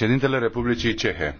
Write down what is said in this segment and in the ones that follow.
președintele republicii cehe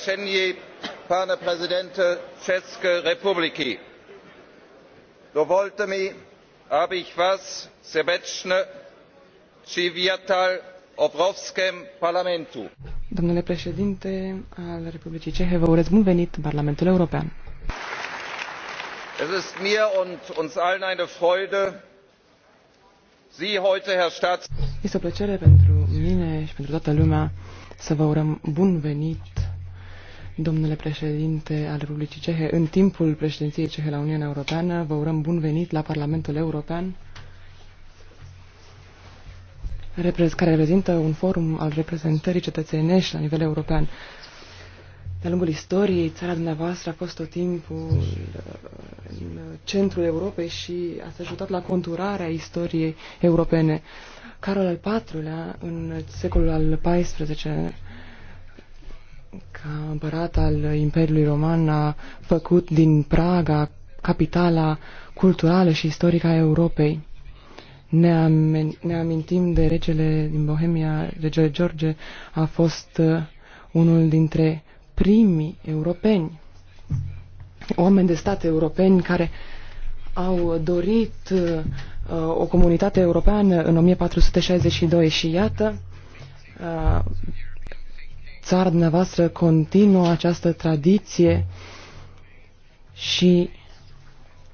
kršenje pana presidenta české republiky. dovolte mi abych vás srdečně přivítal v evropském parlamentu. domnule președinte al republicii cehe vă urez bun venit în parlamentul european. es ist mir und uns allen eine freude sie heute herr staats. este o plăcere pentru mine și pentru toată lumea să vă urăm bun venit Domnule președinte al Republicii Cehe, în timpul președinției cehe la Uniunea Europeană, vă urăm bun venit la Parlamentul European, care reprezintă un forum al reprezentării cetățenești la nivel european. De-a lungul istoriei, țara dumneavoastră a fost tot timpul uh, în centrul Europei și a ajutat la conturarea istoriei europene. Carol al IV-lea, în secolul al XIV-lea, ca împărat al Imperiului Roman a făcut din Praga capitala culturală și istorică a Europei. Ne, am ne amintim de regele din Bohemia, regele George, a fost uh, unul dintre primii europeni, oameni de stat europeni care au dorit uh, o comunitate europeană în 1462 și iată, uh, țară dumneavoastră continuă această tradiție și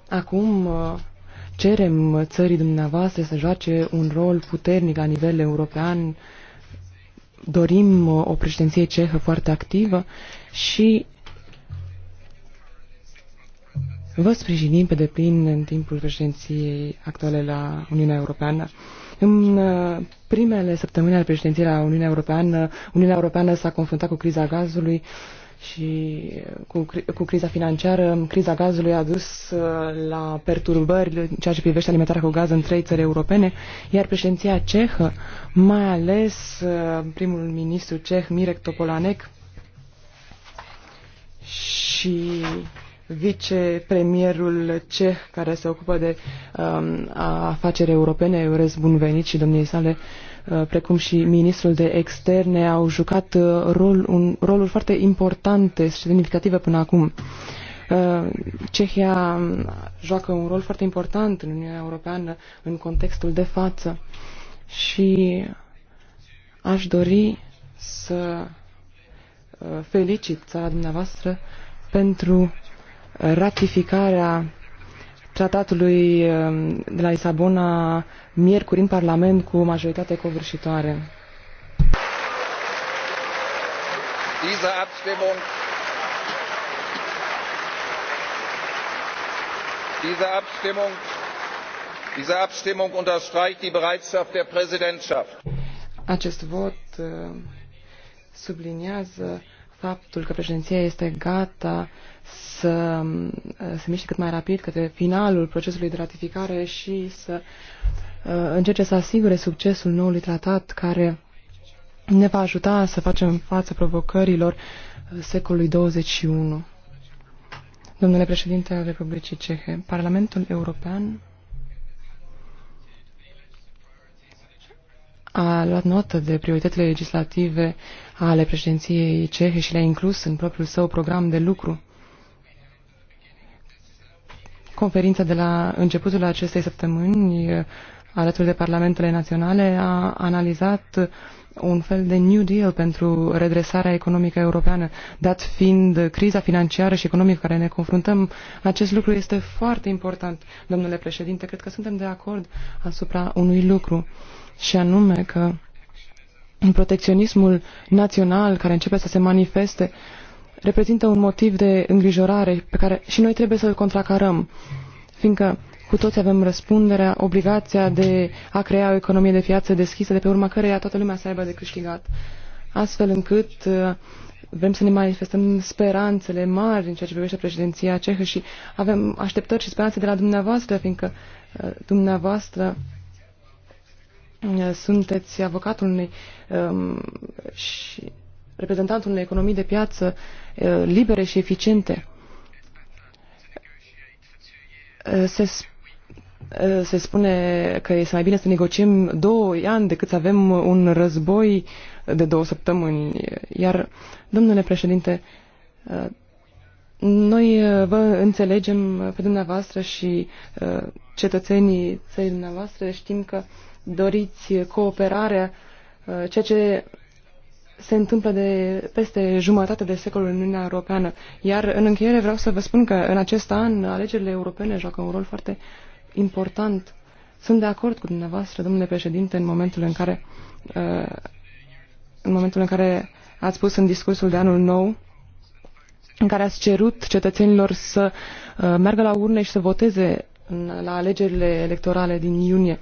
acum uh, cerem țării dumneavoastră să joace un rol puternic la nivel european. Dorim uh, o președinție cehă foarte activă și vă sprijinim pe deplin în timpul președinției actuale la Uniunea Europeană. În uh, primele săptămâni ale președinției la Uniunea Europeană, Uniunea Europeană s-a confruntat cu criza gazului și uh, cu, cu criza financiară. Criza gazului a dus uh, la perturbări în ceea ce privește alimentarea cu gaz în trei țări europene, iar președinția cehă, mai ales primul ministru ceh Mirek Topolanek, și vicepremierul ceh care se ocupă de um, afaceri europene, eu urez bun venit și domniei sale, uh, precum și ministrul de externe, au jucat uh, rol, un, roluri foarte importante, semnificative până acum. Uh, Cehia um, joacă un rol foarte important în Uniunea Europeană în contextul de față și aș dori să uh, felicit țara dumneavoastră pentru ratificarea tratatului um, de la Lisabona miercuri în Parlament cu majoritate covârșitoare. Diese Abstimmung diese Abstimmung diese Abstimmung unterstreicht die Bereitschaft der Präsidentschaft. Acest vot uh, subliniază faptul că președinția este gata să se miște cât mai rapid către finalul procesului de ratificare și să uh, încerce să asigure succesul noului tratat care ne va ajuta să facem față provocărilor uh, secolului 21. Domnule președinte al Republicii Cehe, Parlamentul European a luat notă de prioritățile legislative ale președinției cehe și le-a inclus în propriul său program de lucru. Conferința de la începutul acestei săptămâni, alături de parlamentele naționale, a analizat un fel de New Deal pentru redresarea economică europeană, dat fiind criza financiară și economică care ne confruntăm. Acest lucru este foarte important, domnule președinte. Cred că suntem de acord asupra unui lucru, și anume că protecționismul național care începe să se manifeste reprezintă un motiv de îngrijorare pe care și noi trebuie să-l contracarăm, fiindcă cu toți avem răspunderea, obligația de a crea o economie de piață deschisă, de pe urma căreia toată lumea să aibă de câștigat. Astfel încât uh, vrem să ne manifestăm speranțele mari în ceea ce privește președinția cehă și avem așteptări și speranțe de la dumneavoastră, fiindcă uh, dumneavoastră uh, sunteți avocatul unei um, și reprezentantul unei economii de piață uh, libere și eficiente. Se Eh, se spune că este mai bine să negociem două ani decât să avem un război de două săptămâni. Iar, domnule președinte, eh, noi eh, vă înțelegem pe dumneavoastră și cetățenii țării dumneavoastră știm că doriți cooperarea, ceea ce se întâmplă de peste jumătate de secol în Uniunea Europeană. Iar în încheiere vreau să vă spun că în acest an alegerile europene joacă un rol foarte uh, important. Sunt de acord cu dumneavoastră, domnule președinte, în momentul în care, uh, în momentul în care ați spus în discursul de anul nou, în care ați cerut cetățenilor să uh, meargă la urne și să voteze la alegerile electorale din iunie.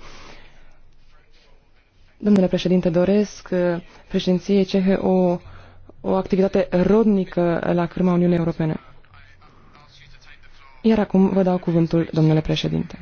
Domnule președinte, doresc uh, președinției cehe o, o activitate rodnică la cârma Uniunii Europene. Iar acum vă dau cuvântul, domnule președinte.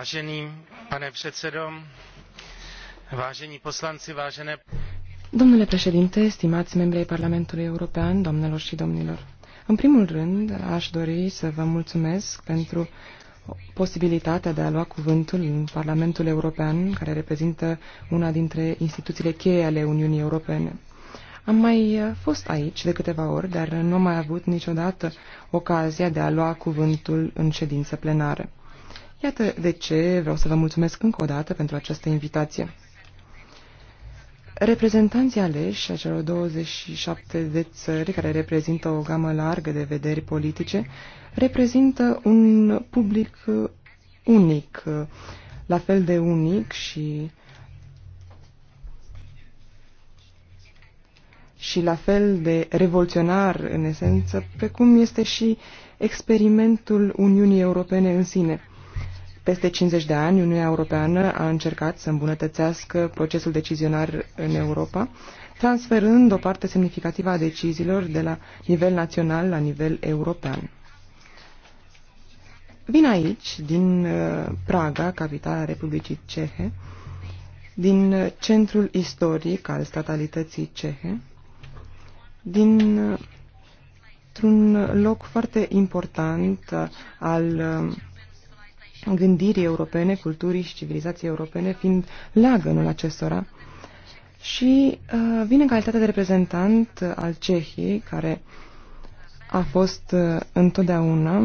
Vážený pane předsedo, vážení poslanci, vážené... Domnule președinte, stimați membrii Parlamentului European, doamnelor și domnilor, în primul rând aș dori să vă mulțumesc pentru posibilitatea de a lua cuvântul în Parlamentul European, care reprezintă una dintre instituțiile cheie ale Uniunii Europene. Am mai fost aici de câteva ori, dar nu am mai avut niciodată ocazia de a lua cuvântul în ședință plenară. Iată de ce vreau să vă mulțumesc încă o dată pentru această invitație. Reprezentanții aleși a celor 27 de țări care reprezintă o gamă largă de vederi politice reprezintă un public unic, la fel de unic și și la fel de revoluționar în esență, precum este și experimentul Uniunii Europene în sine peste 50 de ani, Uniunea Europeană a încercat să îmbunătățească procesul decizionar în Europa, transferând o parte semnificativă a deciziilor de la nivel național la nivel european. Vin aici, din uh, Praga, capitala Republicii Cehe, din uh, centrul istoric al statalității cehe, din uh, un loc foarte important al gândirii europene, culturii și civilizației europene, fiind leagănul acestora. Și uh, vine în calitate de reprezentant al Cehiei, care a fost uh, întotdeauna,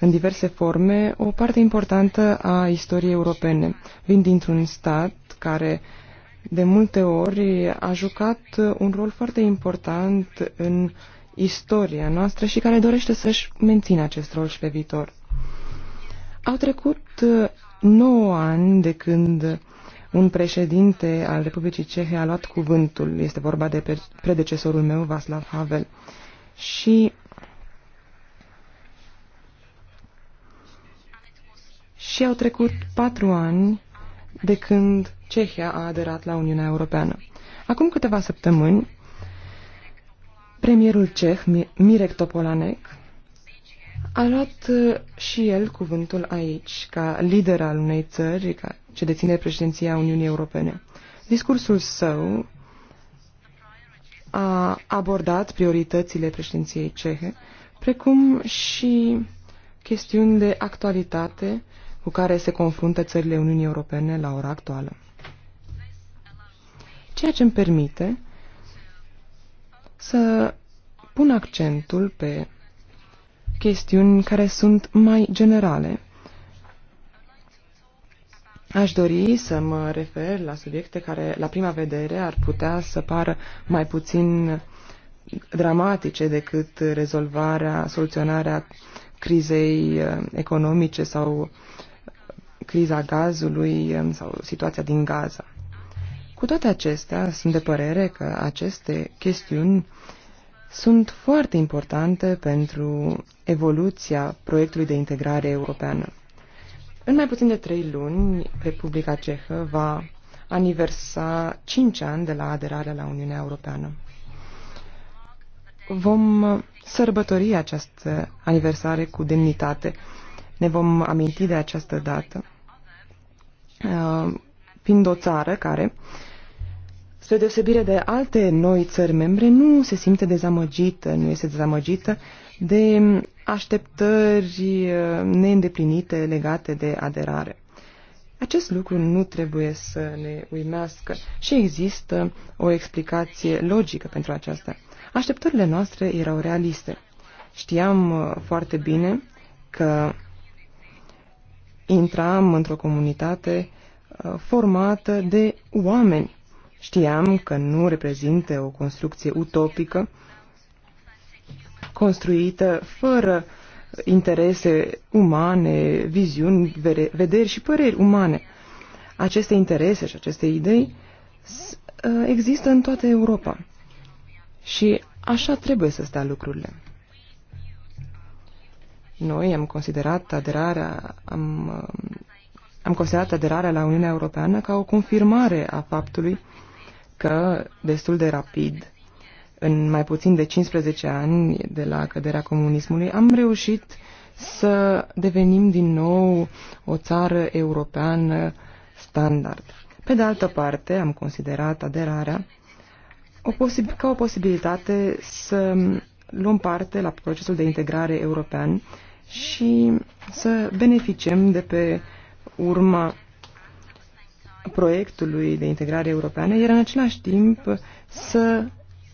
în diverse forme, o parte importantă a istoriei europene. Vin dintr-un stat care de multe ori a jucat un rol foarte important în istoria noastră și care dorește să-și mențină acest rol și pe viitor. Au trecut uh, nouă ani de când un președinte al Republicii Cehe a luat cuvântul. Este vorba de predecesorul meu, Václav Havel. Și Și au trecut patru ani de când Cehia a aderat la Uniunea Europeană. Acum câteva săptămâni, premierul ceh, Mirek Topolanek, a luat uh, și el cuvântul aici, ca lider al unei țări ca ce deține președinția Uniunii Europene. Discursul său a abordat prioritățile președinției cehe, precum și chestiuni de actualitate cu care se confruntă țările Uniunii Europene la ora actuală. Ceea ce îmi permite să pun accentul pe chestiuni care sunt mai generale. Aș dori să mă refer la subiecte care, la prima vedere, ar putea să pară mai puțin dramatice decât rezolvarea, soluționarea crizei eh, economice sau eh, criza gazului eh, sau situația din Gaza. Cu toate acestea, sunt de părere că aceste chestiuni sunt foarte importante pentru evoluția proiectului de integrare europeană. În mai puțin de trei luni, Republica Cehă va aniversa cinci ani de la aderarea la Uniunea Europeană. Vom sărbători această aniversare cu demnitate. Ne vom aminti de această dată, uh, fiind o țară care spre deosebire de alte noi țări membre, nu se simte dezamăgită, nu este dezamăgită de așteptări uh, neîndeplinite legate de aderare. Acest lucru nu trebuie să ne uimească și există o explicație logică pentru aceasta. Așteptările noastre erau realiste. Știam uh, foarte bine că intram într-o comunitate uh, formată de oameni Știam că nu reprezintă o construcție utopică, construită fără interese umane, viziuni, vederi și păreri umane. Aceste interese și aceste idei ă, există în toată Europa. Și așa trebuie să stea lucrurile. Noi am considerat aderarea, am, am considerat aderarea la Uniunea Europeană ca o confirmare a faptului că destul de rapid, în mai puțin de 15 ani de la căderea comunismului, am reușit să devenim din nou o țară europeană standard. Pe de altă parte, am considerat aderarea o ca o posibilitate să luăm parte la procesul de integrare european și să beneficiem de pe urma proiectului de integrare europeană era în același timp să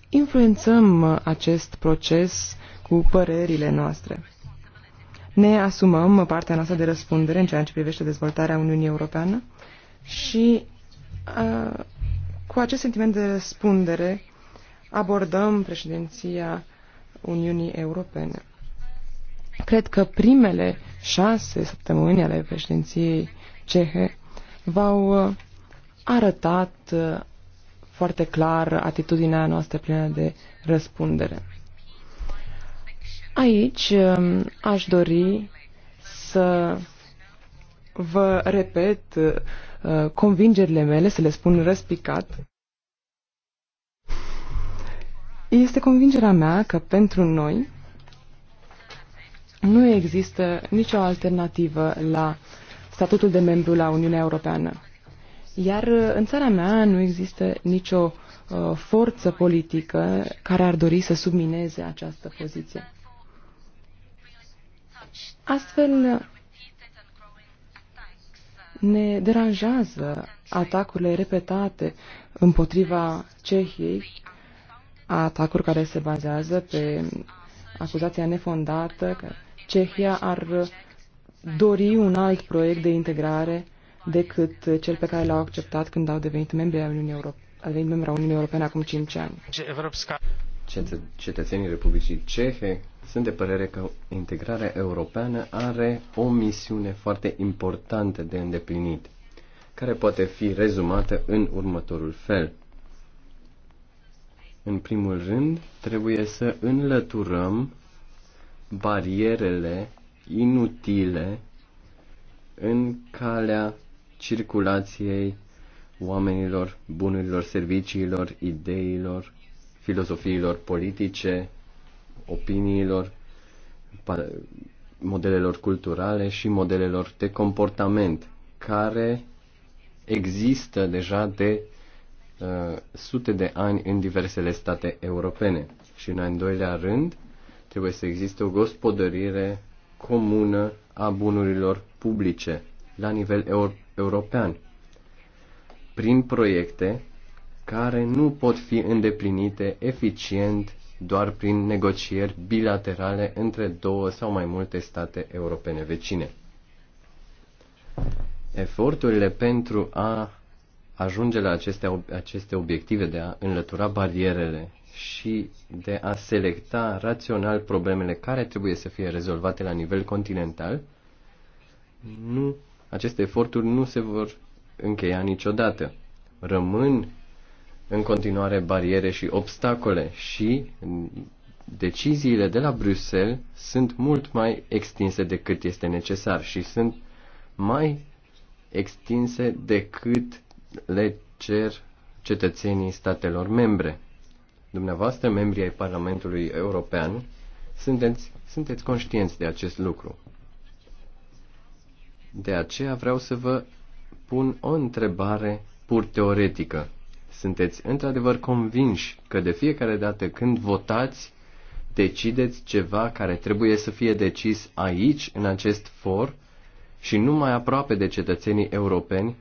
influențăm acest proces cu părerile noastre. Ne asumăm partea noastră de răspundere în ceea ce privește dezvoltarea Uniunii Europeană și uh, cu acest sentiment de răspundere abordăm președinția Uniunii Europene. Cred că primele șase săptămâni ale președinției cehe v-au uh, arătat uh, foarte clar atitudinea noastră plină de răspundere. Aici um, aș dori să vă repet uh, convingerile mele, să le spun răspicat. Este convingerea mea că pentru noi nu există nicio alternativă la uh, statutul de membru la Uniunea Europeană. Iar uh, în țara mea nu există nicio uh, forță politică care ar dori să submineze această poziție. Astfel, ne deranjează atacurile repetate împotriva Cehiei, atacuri care se bazează pe acuzația nefondată că Cehia ar dori un alt proiect de integrare decât cel pe care l-au acceptat când au devenit membri al Uniunii Europene a devenit membru Uniunii Europene acum 5 ani. cetățenii Republicii Cehe sunt de părere că integrarea europeană are o misiune foarte importantă de îndeplinit, care poate fi rezumată în următorul fel. În primul rând, trebuie să înlăturăm barierele inutile în calea circulației oamenilor, bunurilor, serviciilor, ideilor, filozofiilor politice, opiniilor, modelelor culturale și modelelor de comportament care există deja de uh, sute de ani în diversele state europene. Și în al doilea rând, trebuie să existe o gospodărire comună a bunurilor publice la nivel euro- european prin proiecte care nu pot fi îndeplinite eficient doar prin negocieri bilaterale între două sau mai multe state europene vecine. Eforturile pentru a ajunge la aceste, aceste obiective de a înlătura barierele și de a selecta rațional problemele care trebuie să fie rezolvate la nivel continental, nu, aceste eforturi nu se vor încheia niciodată. Rămân în continuare bariere și obstacole și deciziile de la Bruxelles sunt mult mai extinse decât este necesar și sunt mai extinse decât le cer cetățenii statelor membre. Dumneavoastră, membrii ai Parlamentului European, sunteți, sunteți conștienți de acest lucru. De aceea vreau să vă pun o întrebare pur teoretică. Sunteți într-adevăr convinși că de fiecare dată când votați, decideți ceva care trebuie să fie decis aici, în acest for, și nu mai aproape de cetățenii europeni,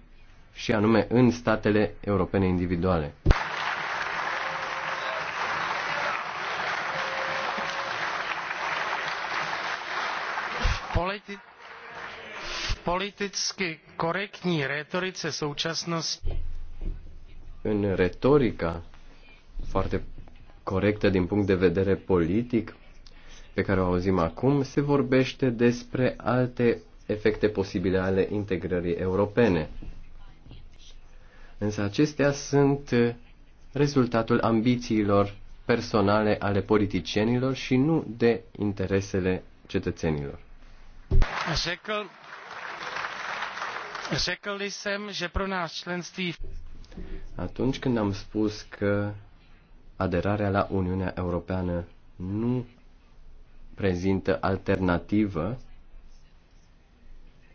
și anume în statele europene individuale. politicky korektní rétorice současnosti. În retorica foarte corectă din punct de vedere politic pe care o auzim acum, se vorbește despre alte efecte posibile ale integrării europene. Însă acestea sunt rezultatul ambițiilor personale ale politicienilor și nu de interesele cetățenilor. Atunci când am spus că aderarea la Uniunea Europeană nu prezintă alternativă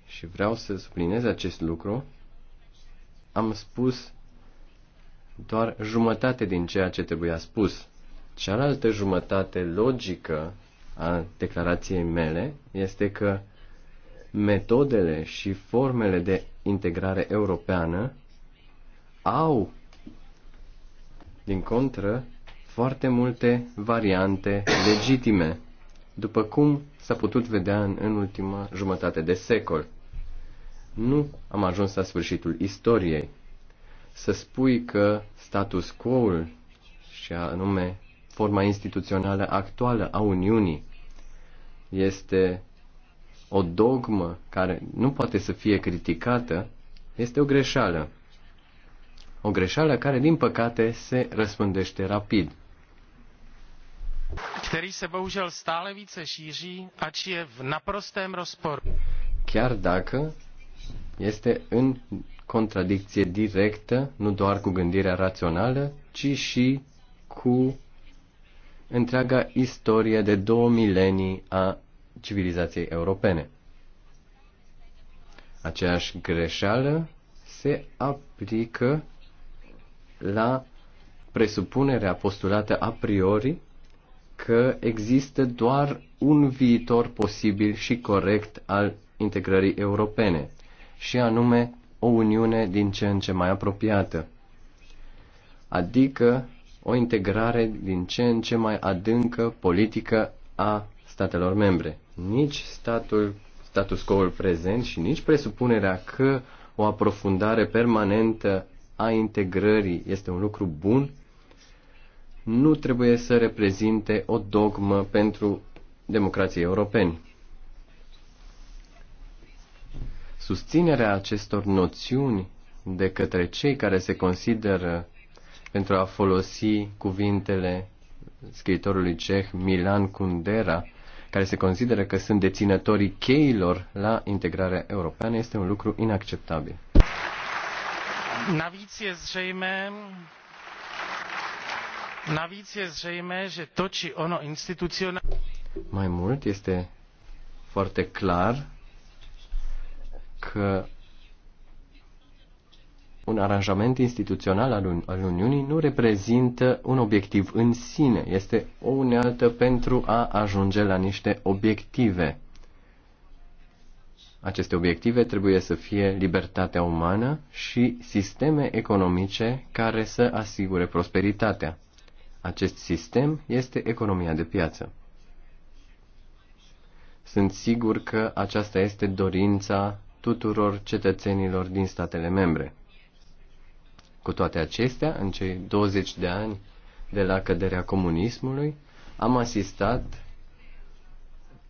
și vreau să subliniez acest lucru, am spus doar jumătate din ceea ce trebuia spus. Cealaltă jumătate logică a declarației mele este că metodele și formele de integrare europeană au, din contră, foarte multe variante legitime, după cum s-a putut vedea în, în ultima jumătate de secol. Nu am ajuns la sfârșitul istoriei. Să spui că status quo-ul, și anume forma instituțională actuală a Uniunii, este o dogmă care nu poate să fie criticată este o greșeală. O greșeală care, din păcate, se răspândește rapid. Který se bohužel stále více šíří, ač je v naprostém Chiar dacă este în contradicție directă, nu doar cu gândirea rațională, ci și cu întreaga istorie de două milenii a civilizației europene. Aceeași greșeală se aplică la presupunerea postulată a priori că există doar un viitor posibil și corect al integrării europene, și anume o uniune din ce în ce mai apropiată, adică o integrare din ce în ce mai adâncă politică a statelor membre nici statul, status quo-ul prezent și nici presupunerea că o aprofundare permanentă a integrării este un lucru bun, nu trebuie să reprezinte o dogmă pentru democrații europeni. Susținerea acestor noțiuni de către cei care se consideră pentru a folosi cuvintele scriitorului ceh Milan Kundera care se consideră că sunt deținătorii cheilor la integrarea europeană este un lucru inacceptabil. Navíc je zřejmé, navíc je zřejmé, že to či ono institucionální... Mai mult este foarte clar că un aranjament instituțional al, un, al Uniunii nu reprezintă un obiectiv în sine, este o unealtă pentru a ajunge la niște obiective. Aceste obiective trebuie să fie libertatea umană și sisteme economice care să asigure prosperitatea. Acest sistem este economia de piață. Sunt sigur că aceasta este dorința tuturor cetățenilor din statele membre. Cu toate acestea, în cei 20 de ani de la căderea comunismului, am asistat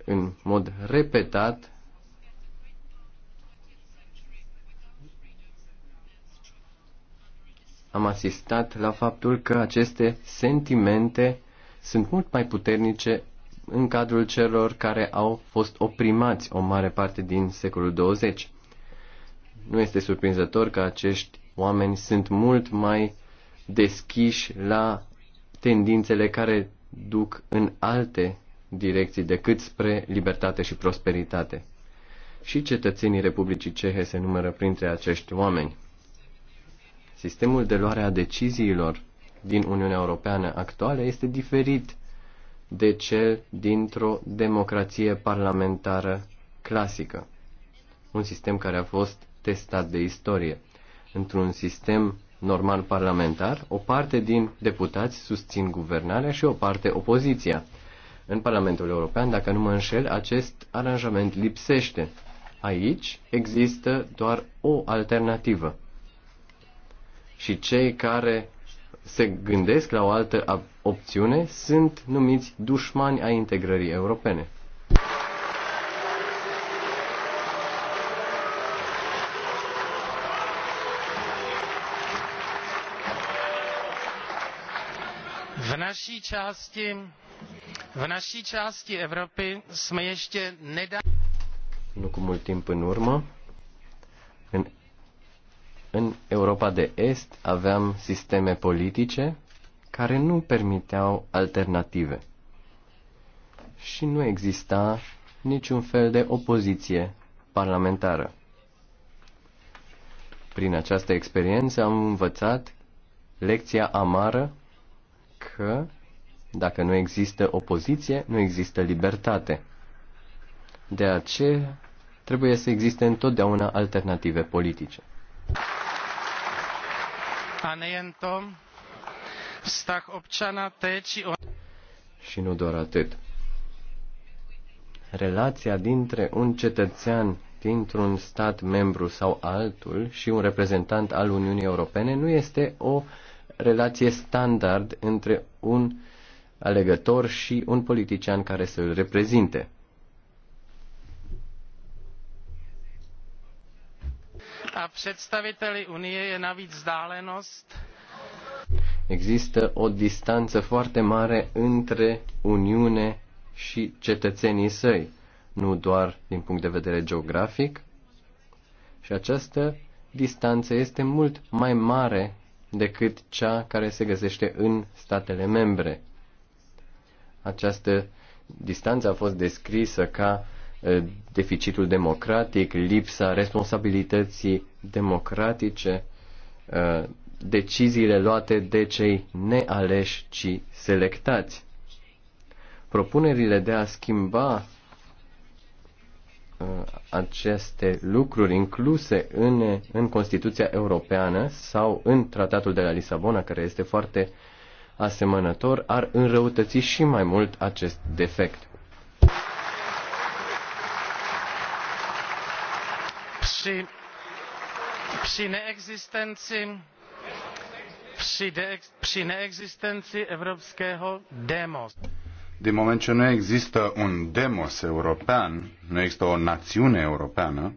în mod repetat am asistat la faptul că aceste sentimente sunt mult mai puternice în cadrul celor care au fost oprimați o mare parte din secolul 20. Nu este surprinzător că acești oameni sunt mult mai deschiși la tendințele care duc în alte direcții decât spre libertate și prosperitate. Și cetățenii Republicii Cehe se numără printre acești oameni. Sistemul de luare a deciziilor din Uniunea Europeană actuală este diferit de cel dintr-o democrație parlamentară clasică, un sistem care a fost testat de istorie într-un sistem normal parlamentar, o parte din deputați susțin guvernarea și o parte opoziția. În Parlamentul European, dacă nu mă înșel, acest aranjament lipsește. Aici există doar o alternativă. Și cei care se gândesc la o altă opțiune sunt numiți dușmani ai integrării europene. naší části, v naší části Evropy jsme ještě nedávno... Nu cu mult timp în urmă, în, în Europa de Est aveam sisteme politice care nu permiteau alternative. Și nu exista niciun fel de opoziție parlamentară. Prin această experiență am învățat lecția amară că dacă nu există opoziție, nu există libertate. De aceea trebuie să existe întotdeauna alternative politice. Și nu doar atât. Relația dintre un cetățean dintr-un stat membru sau altul și un reprezentant al Uniunii Europene nu este o relație standard între un alegător și un politician care să îl reprezinte. A představiteli Unie je navíc vzdálenost. Există o distanță foarte mare între Uniune și cetățenii săi, nu doar din punct de vedere geografic, și această distanță este mult mai mare decât cea care se găsește în statele membre. Această distanță a fost descrisă ca deficitul democratic, lipsa responsabilității democratice, deciziile luate de cei nealeși, ci selectați. Propunerile de a schimba Uh, aceste lucruri incluse în, în Constituția Europeană sau în Tratatul de la Lisabona, care este foarte asemănător, ar înrăutăți și mai mult acest defect. Și și neexistenții și, de, și neexistenții demos. Din moment ce nu există un demos european, nu există o națiune europeană,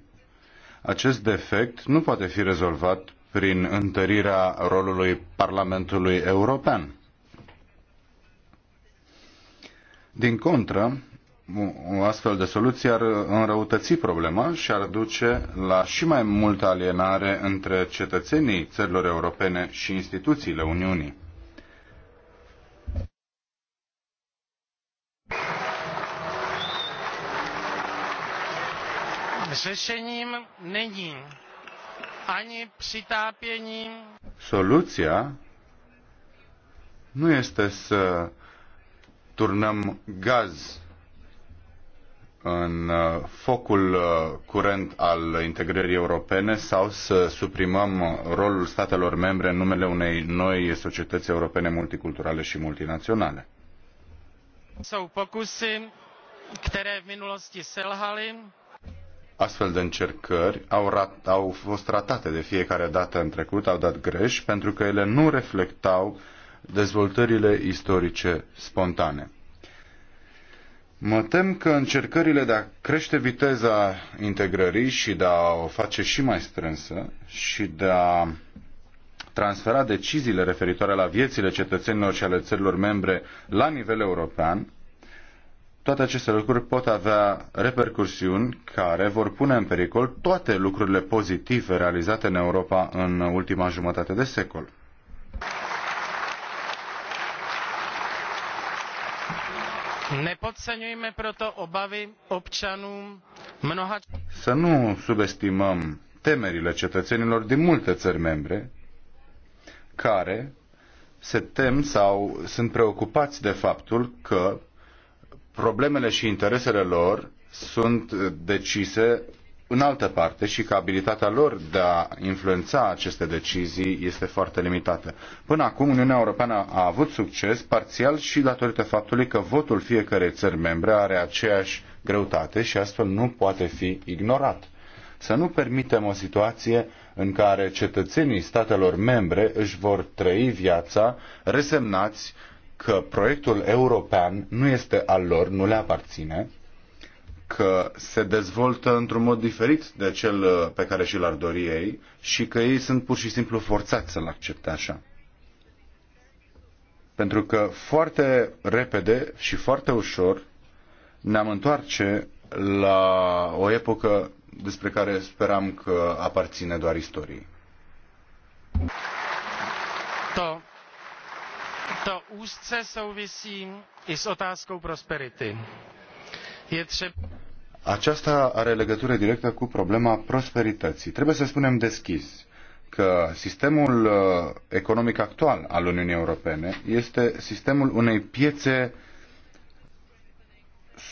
acest defect nu poate fi rezolvat prin întărirea rolului Parlamentului European. Din contră, o astfel de soluție ar înrăutăți problema și ar duce la și mai multă alienare între cetățenii țărilor europene și instituțiile Uniunii. Řešením není ani přitápěním. Soluția nu este să turnăm gaz în uh, focul uh, curent al integrării europene sau să suprimăm rolul statelor membre în numele unei noi societăți europene multiculturale și multinaționale. Sunt pokusy, care în minulosti selhaly, astfel de încercări au, rat, au fost ratate de fiecare dată în trecut, au dat greș, pentru că ele nu reflectau dezvoltările istorice spontane. Mă tem că încercările de a crește viteza integrării și de a o face și mai strânsă și de a transfera deciziile referitoare la viețile cetățenilor și ale țărilor membre la nivel european toate aceste lucruri pot avea repercursiuni care vor pune în pericol toate lucrurile pozitive realizate în Europa în ultima jumătate de secol. Nepodceňujme proto obavy občanů mnoha... Să nu subestimăm temerile cetățenilor din multe țări membre care se tem sau sunt preocupați de faptul că problemele și interesele lor sunt decise în altă parte și că abilitatea lor de a influența aceste decizii este foarte limitată. Până acum, Uniunea Europeană a avut succes parțial și datorită faptului că votul fiecărei țări membre are aceeași greutate și astfel nu poate fi ignorat. Să nu permitem o situație în care cetățenii statelor membre își vor trăi viața resemnați că proiectul european nu este al lor, nu le aparține, că se dezvoltă într-un mod diferit de cel uh, pe care și l-ar dori ei și că ei sunt pur și simplu forțați să-l accepte așa. Pentru că foarte repede și foarte ușor ne-am întoarce la o epocă despre care speram că aparține doar istoriei. Da. To úzce souvisí i s otázkou prosperity. Je třeba... Aceasta are legătură directă cu problema prosperității. Trebuie să spunem deschis că sistemul uh, economic actual al Uniunii Europene este sistemul unei piețe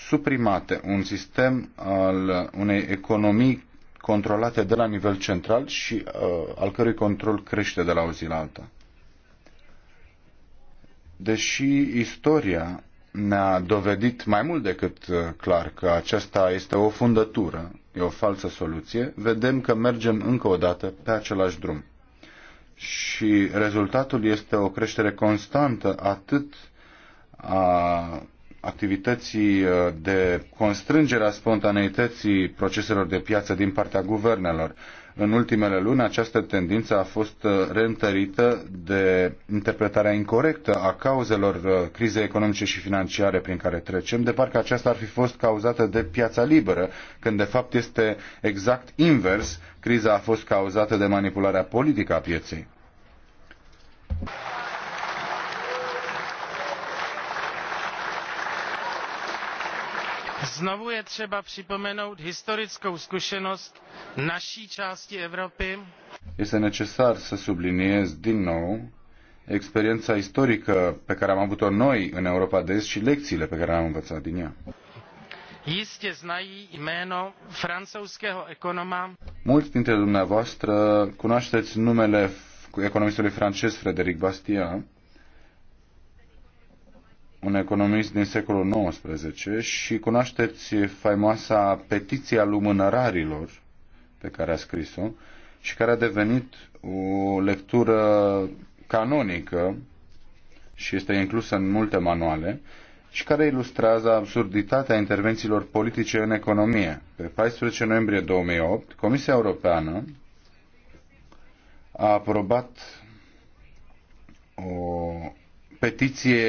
suprimate, un sistem al unei economii controlate de la nivel central și uh, al cărui control crește de la o zi la alta deși istoria ne-a dovedit mai mult decât uh, clar că aceasta este o fundătură, e o falsă soluție, vedem că mergem încă o dată pe același drum. Și rezultatul este o creștere constantă atât a activității uh, de constrângere a spontaneității proceselor de piață din partea guvernelor, în ultimele luni, această tendință a fost uh, reîntărită de interpretarea incorrectă a cauzelor uh, crizei economice și financiare prin care trecem, de parcă aceasta ar fi fost cauzată de piața liberă, când de fapt este exact invers, criza a fost cauzată de manipularea politică a pieței. znovu je třeba připomenout historickou zkušenost naší části Evropy. Este necesar să subliniez din nou experiența istorică pe care am avut-o noi în Europa de Est și lecțiile pe care am învățat din ea. Jistě znají jméno francouzského ekonoma. Mulți dintre dumneavoastră cunoașteți numele economistului francez Frederic Bastiat, un economist din secolul XIX și cunoașteți faimoasa petiția lumânărarilor pe care a scris-o și care a devenit o lectură canonică și este inclusă în multe manuale și care ilustrează absurditatea intervențiilor politice în economie. Pe 14 noiembrie 2008, Comisia Europeană a aprobat o petiție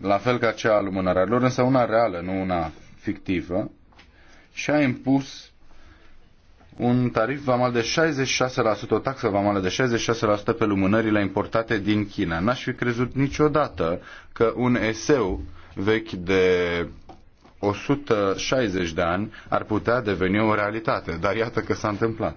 la fel ca cea a lor, însă una reală, nu una fictivă, și a impus un tarif vamal de 66%, o taxă vamală de 66% pe lumânările importate din China. N-aș fi crezut niciodată că un eseu vechi de 160 de ani ar putea deveni o realitate, dar iată că s-a întâmplat.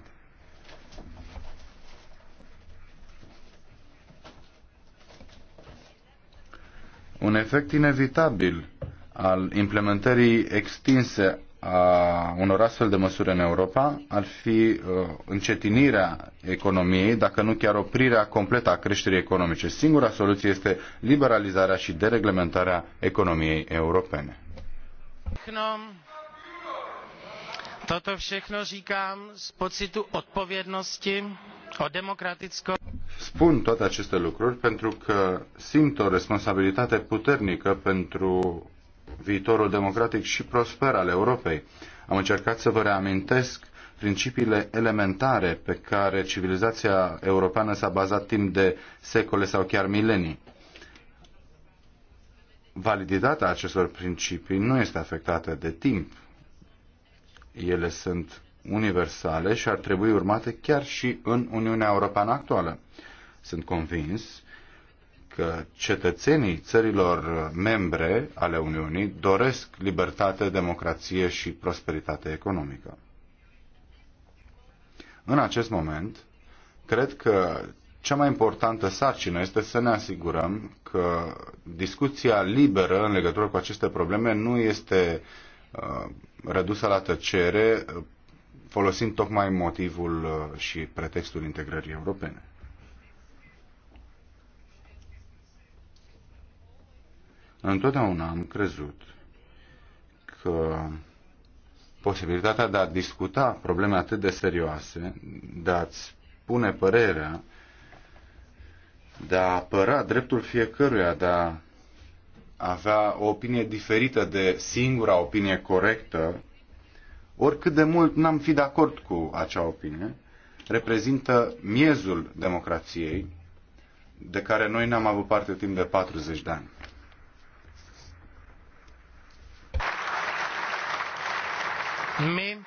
Un efect inevitabil al implementării extinse a unor astfel de măsuri în Europa ar fi uh, încetinirea economiei, dacă nu chiar oprirea completă a creșterii economice. Singura soluție este liberalizarea și dereglementarea economiei europene. Toto všechno říkám z pocitu odpovědnosti o demokratickou spun toate aceste lucruri pentru că simt o responsabilitate puternică pentru viitorul democratic și prosper al Europei. Am încercat să vă reamintesc principiile elementare pe care civilizația europeană s-a bazat timp de secole sau chiar milenii. Validitatea acestor principii nu este afectată de timp. Ele sunt universale și ar trebui urmate chiar și în Uniunea Europeană actuală. Sunt convins că cetățenii țărilor membre ale Uniunii doresc libertate, democrație și prosperitate economică. În acest moment, cred că cea mai importantă sarcină este să ne asigurăm că discuția liberă în legătură cu aceste probleme nu este uh, redusă la tăcere, uh, folosind tocmai motivul uh, și pretextul integrării europene. Întotdeauna am crezut că posibilitatea de a discuta probleme atât de serioase, de a-ți pune părerea, de a apăra dreptul fiecăruia de a avea o opinie diferită de singura opinie corectă, oricât de mult n-am fi de acord cu acea opinie, reprezintă miezul democrației de care noi n-am avut parte timp de 40 de ani. My,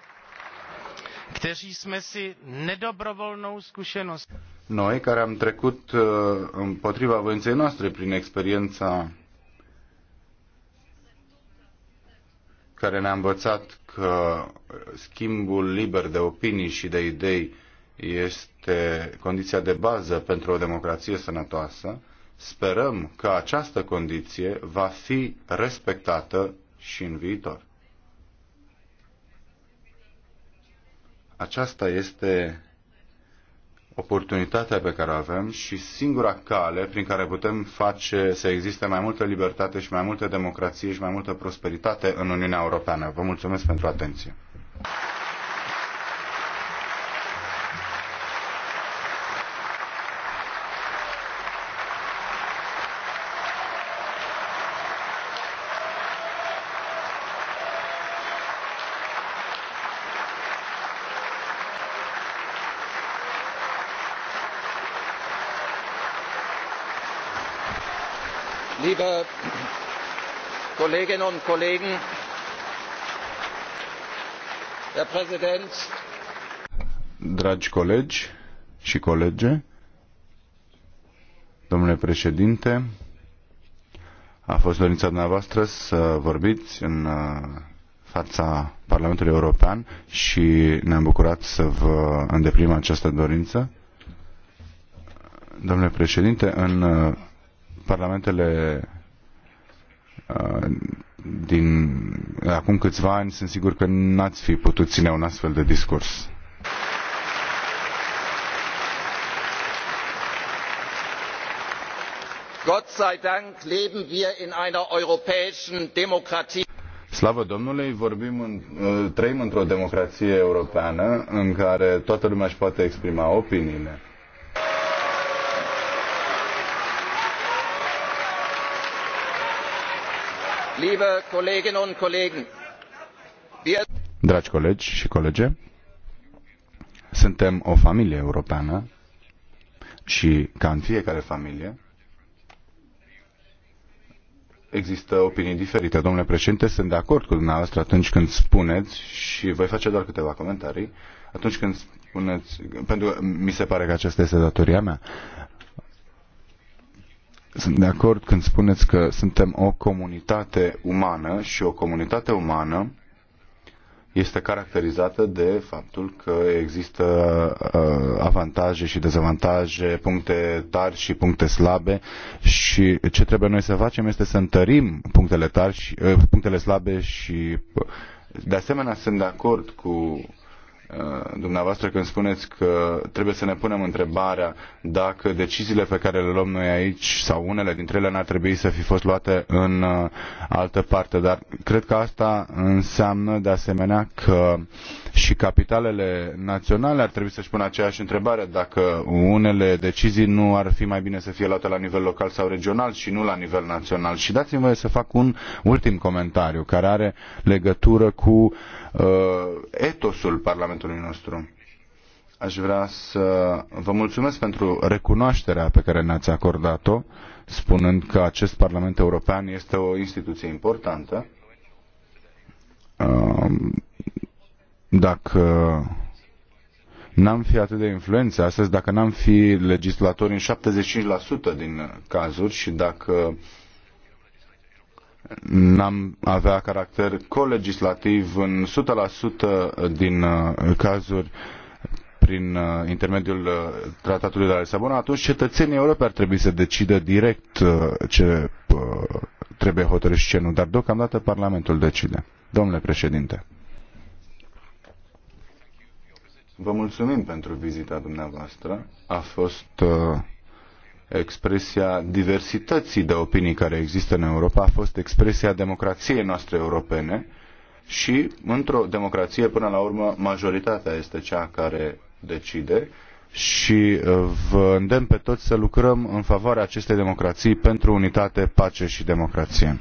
kteří jsme si nedobrovolnou zkušenost. Noi care am trecut uh, împotriva voinței noastre prin experiența care ne-a învățat că schimbul liber de opinii și de idei este condiția de bază pentru o democrație sănătoasă, sperăm că această condiție va fi respectată și în viitor. Aceasta este oportunitatea pe care o avem și singura cale prin care putem face să existe mai multă libertate și mai multă democrație și mai multă prosperitate în Uniunea Europeană. Vă mulțumesc pentru atenție. kolleginnen und kollegen herr präsident dragi colegi și colege domnule președinte a fost dorința dumneavoastră să vorbiți în uh, fața Parlamentului European și ne-am bucurat să vă îndeplinim această dorință. Domnule președinte, în uh, parlamentele Uh, din acum câțiva ani, sunt sigur că n-ați fi putut ține un astfel de discurs. Gott sei Dank leben wir in einer europäischen Demokratie. Slavă Domnului, vorbim în, uh, trăim într-o democrație europeană în care toată lumea își poate exprima opiniile. Dragi colegi și colege, suntem o familie europeană și, ca în fiecare familie, există opinii diferite. Domnule președinte, sunt de acord cu dumneavoastră atunci când spuneți și voi face doar câteva comentarii, atunci când spuneți, pentru că mi se pare că aceasta este datoria mea, sunt de acord când spuneți că suntem o comunitate umană și o comunitate umană este caracterizată de faptul că există uh, avantaje și dezavantaje, puncte tari și puncte slabe și ce trebuie noi să facem este să întărim punctele tari și uh, punctele slabe și uh, de asemenea sunt de acord cu Uh, dumneavoastră când spuneți că trebuie să ne punem întrebarea dacă deciziile pe care le luăm noi aici sau unele dintre ele n-ar trebui să fi fost luate în uh, altă parte. Dar cred că asta înseamnă de asemenea că și capitalele naționale ar trebui să-și pună aceeași întrebare dacă unele decizii nu ar fi mai bine să fie luate la nivel local sau regional și nu la nivel național. Și dați-mi voie să fac un ultim comentariu care are legătură cu uh, Uh, etosul Parlamentului nostru. Aș vrea să vă mulțumesc pentru recunoașterea pe care ne-ați acordat-o, spunând că acest Parlament European este o instituție importantă. Um, dacă n-am fi atât de influență astăzi, dacă n-am fi legislatori în 75% din cazuri și dacă n-am avea caracter colegislativ în 100% din uh, cazuri prin uh, intermediul uh, tratatului de la Lisabona, atunci cetățenii europei ar trebui să decidă direct ce trebuie hotărât și ce nu, dar deocamdată Parlamentul decide. Domnule președinte. Vă mulțumim pentru vizita dumneavoastră. A fost uh, expresia diversității de opinii care există în Europa, a fost expresia democrației noastre europene și într-o democrație, până la urmă, majoritatea este cea care decide și uh, vă îndemn pe toți să lucrăm în favoarea acestei democrații pentru unitate, pace și democrație.